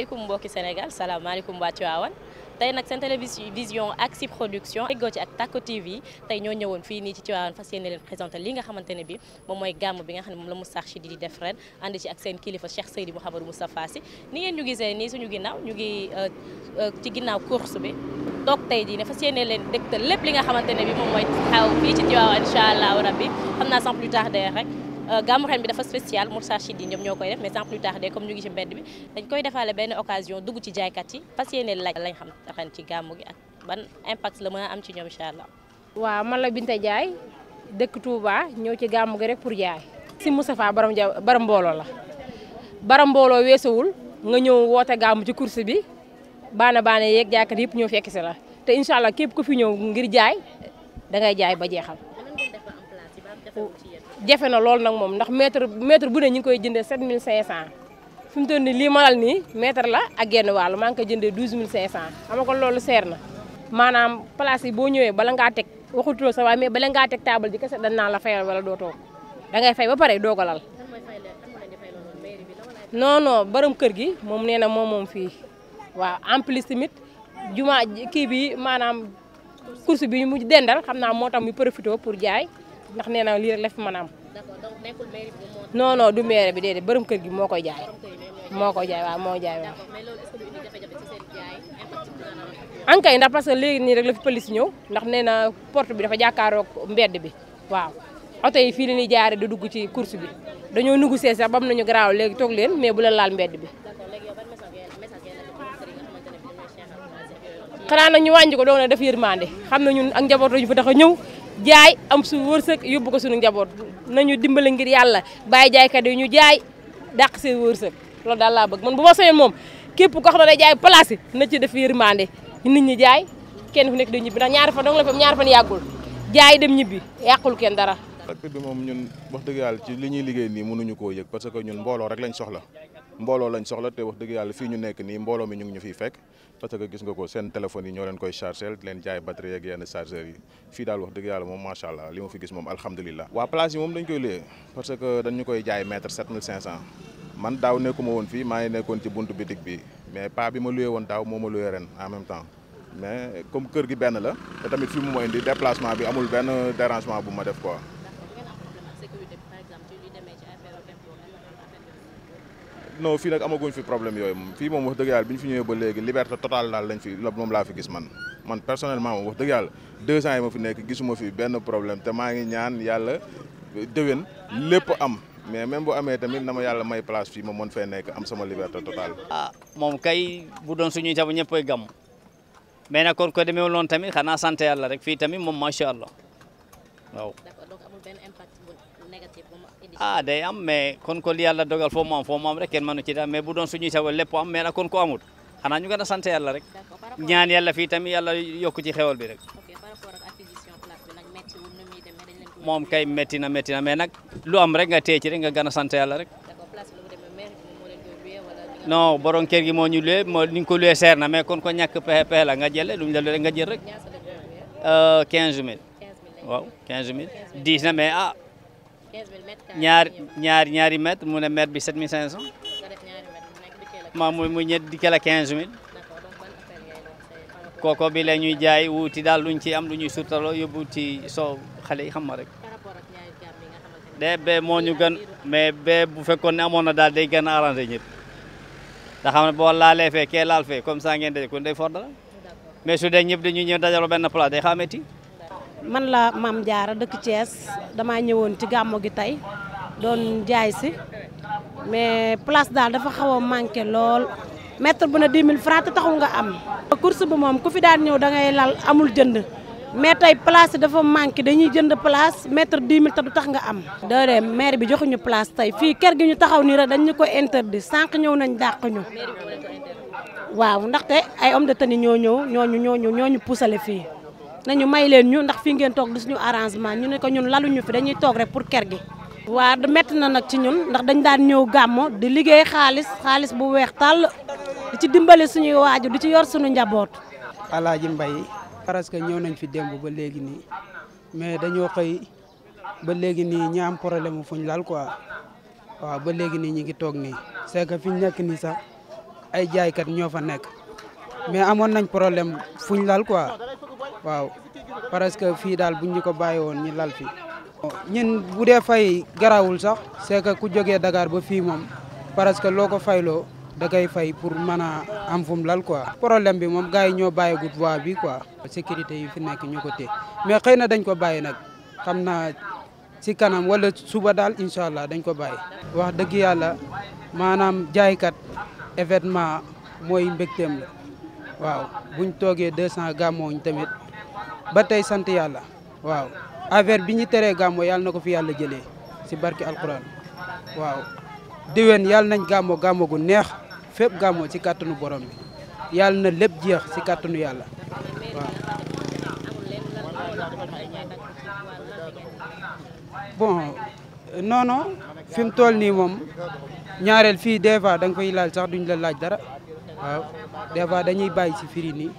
salaamaaleykum mbokki Sénégal salaamaaleykum waa Tivaouane tey nag seen télévision Axi Production déggoo ci ak Tacko TV tey ñoo ñëwoon fii nii ci Tivaouane fas yéene leen présenté li nga xamante ne bi moom mooy gàmm bi nga xam ne moom la Moustarchidine di def ren ànd ci ak seen kilifa Cheikh Seydi Mouhamadou Moustapha Sy ni ngeen ñu gisee nii suñu ginnaaw ñu ngi euh, euh, ci ginnaaw course bi toog tey jii ne fas yéene leen dégtal lépp li nga xamante ne bi moom mooy xaw fii ci xam naa sans plus tarder rek Euh, gàmmu ren bi dafa spécial Moustarchidine ñoom ñoo koy def mais sans plus tarder comme ñu ngi ci mbedd bi dañ koy defaale benn occasion dugg ci jaaykat yi parce que yéene laaj lañ xam ren ci gàmmu gi ban impact la mën a am ci ñoom incha allah. waaw man la Binta Jaay dëkk Touba ñëw ci gàmmu gi rek pour jaay. si Moustapha Baram ja Baram mbooloo la Baram mbooloo weesuwul nga ñëw woote gàmmu ci course bi baana baana yeeg jaaykat yëpp ñëw fekk si la te incha allah képp ku fi ñëw ngir jaay dangay jaay ba jeexal. jafe na loolu nag moom ndax mètre mètre bu ne ñu ngi koy jëndee 7500 fi mu toll nii lii manal nii mètre la ak genn wàll maa ngi koy jëndee 12500 xam nga kon loolu seer na maanaam place yi boo ñëwee bala ngaa teg waxutu sa waay mais bala ngaa teg table ji kese dañ naan la fayal wala doo toog da ngay fay ba pare doogalal non non borom kër gi moom nee na moom moom fii waaw en plus tamit juma kii bi maanaam course bi mu dendal xam naa moo tax mu profité pour jaay ndax nee na lii rek la fi mën a bi moo. non non du mairie bi déedéet borom kër gi moo koy jaay. moo koy jaay waaw moo jaay waaw. d'accord mais loolu est-ce que du indi jafe-jafe ci seen jaay impact bi. ankay ndax parce que léegi nii rek la fi ñëw ndax na porte bi dafa jàkkaaroog mbedd bi waaw oto yi fii la ñuy jaaree di dugg ci course bi dañoo nugu see sax bam nañu garaaw léegi toog leen mais bu la laal mbedd bi. xanaa ñu wàññi ko doon na def yërmande xam na ñun ak njaboot lañu fa ñëw jaay am su wërsëg yóbbu ko suñu njaboot ñu dimbale ngir yàlla jaay jaaykat yi ñu jaay dàq seen wërsëg loolu daal laa bëgg man bu ma soñoon moom képp ko xam ne day jaay place na ci def yërmande nit ñi jaay kenn fu nekk day ñibbi ndax ñaar fan dong la fa ñaari fan yàggul jaay dem ñibbi yàqul kenn dara. bi moom ñun wax dëgg yàlla ci li ñuy liggéey nii mënuñu koo yëg parce que ñun mbooloo rek ñu soxla. mbooloo lañ soxla te wax dëgg yàlla fii ñu nekk nii mbooloo mi ñu ngi ñu fiy fekk parce que gis nga ko seen téléphones yi ñoo leen koy chargé di leen jaay batterie ak yenn chargeurs yi fii daal wax dëgg yàlla moom macha allah li ma fi gis moom alhamdulilah. waa place yi moom dañ koy luyee parce que dañu koy jaay mètre 7500 man daaw nekkuma woon fii maa ngi nekkoon ci buntu bitig bi mais pas bi ma luyee woon daaw moo ma luyee ren en même temps mais comme kër gi benn la te tamit fi mu mooy indi déplacement bi amul benn dérangement bu ma def quoi. non fii nag amaguñ fi problème yooyu moom fii moom wax dëgg yàlla bi fi ñëwee ba léegi liberté totale daal lañ fi la moom laa fi gis man man personnellement moom wax dëgg yàlla deux ans ma fi benn problème te maa ngi ñaan yàlla déwén lépp am mais même bu amee tamit na ma yàlla may place fii moom mën fee nekk am sama liberté totale. ah moom kay bu doon suñuy jàpp ñëppay gàmm mais nag kon ko demee woon tamit xanaa sant yàlla rek fii tamit moom macha allah waaw. ci ah day am mais kon ko li yàlla dogal foo mu am foo mu am rek kenn mënu ci dara mais bu doon suñuy taw lépp am mais nag kon ko amut xanaa ñu gën a yàlla rek ñaan yàlla fii tamit yàlla yokk ci xewal bi rek moom kay métti na métti na mais nag lu am rek nga tee ci rek nga gën a sant yàlla rek non borom kër gi moo ñu luwee moo ni ko luwee seer na mais kon ko ñàkk pexe pexe la nga jële lu ñu la rek nga jël rek 15000 euh, waaw diis na mais ah ñaar ñaari ñaari mètre mu ne mètre bi 7500. maa muy muy ñett dikkee quinze 15000. kooko bi la ñuy jaay wuuti daal luñ ci am lu ñuy surtaloo yóbbu ci soow xale yi xam ma rek. de bee moo ñu gën mais bee bu fekkoon ne amoon na daal day gën a arrangé ñëpp. na boo laalee fee kee laal fee comme ça ngeen de kon day for dara mais su dee ñëpp dañuy ñëw dajaloo benn place day xaameeti. man la Mame Diarra dëkk Thiès damaa ñëwoon ci gàmmu gi tey doon jaay si mais place daal dafa xaw a manqué lool mètre bu ne 10 000 francs te taxul nga am. course bi moom ku fi daan ñëw da ngay lal amul jënd mais tey place dafa manqué dañuy jënd place mètre 10 000 te du tax nga am. déedéet maire bi joxuñu place tey fii kër gi ñu taxaw nii rek dañu ñu ko interdit sànq ñëw nañ dàq waaw ndaxte ay homme de tenue ñoo ñëw ñoo ñu ñoo ñu ñoo ñu puusale fii. nañu may leen ñu ndax fii ngeen toog du suñu arrangement ñu ne ko ñun laluñu fi dañuy toog rek pour ker gi. waa métti na nag ci ñun ndax dañ daan ñëw gàmmo di liggéey xaalis xaalis bu weex tàll di ci dimbali suñuy waajur di ci yor suñu njaboot. Alaaji Mbay parce que ñëw nañ fi démb ba léegi nii mais dañoo xëy ba léegi nii ñi am problème mu fuñ lal quoi waaw ba léegi nii ñu ngi toog nii c'est que fi ñu nekk nii sax ay jaaykat ñoo fa nekk mais amoon nañ problème fuñ lal quoi. waaw parce fii daal buñ ñu ko bàyyi woon ñu lal fii ñun bu dee fay garawul sax c'est ku jógee dakaar ba fii moom parce que loo ko fayloo da koy fay pour mën a am fu mu lal quoi. problème bi moom gars yi ñoo bàyyigut voie bi quoi. sécurité yi fi nekk ñu ko téye mais xëy na dañ ko bàyyi nag xam naa si kanam wala suba daal incha allah dañ ko bàyyi. wax dëgg yàlla maanaam jaaykat événement mooy mbégteem la waaw buñ toogee 200 gàmmooñ tamit. ba tey sant yàlla waaw affaire bi ñu teree gàmmo yàlla na ko fi yàlla jëlee si barki alquran waaw déwén yàlla nañ gàmmo gàmmo gu neex fépp gàmmo ci kàttanu borom bi yàlla na lépp jeex ci kàttanu yàlla waaw bon non non fi nii moom ñaareel fii des fois da nga fay sax duñ la laaj dara waaw des fois dañuy bàyyi ci firi nii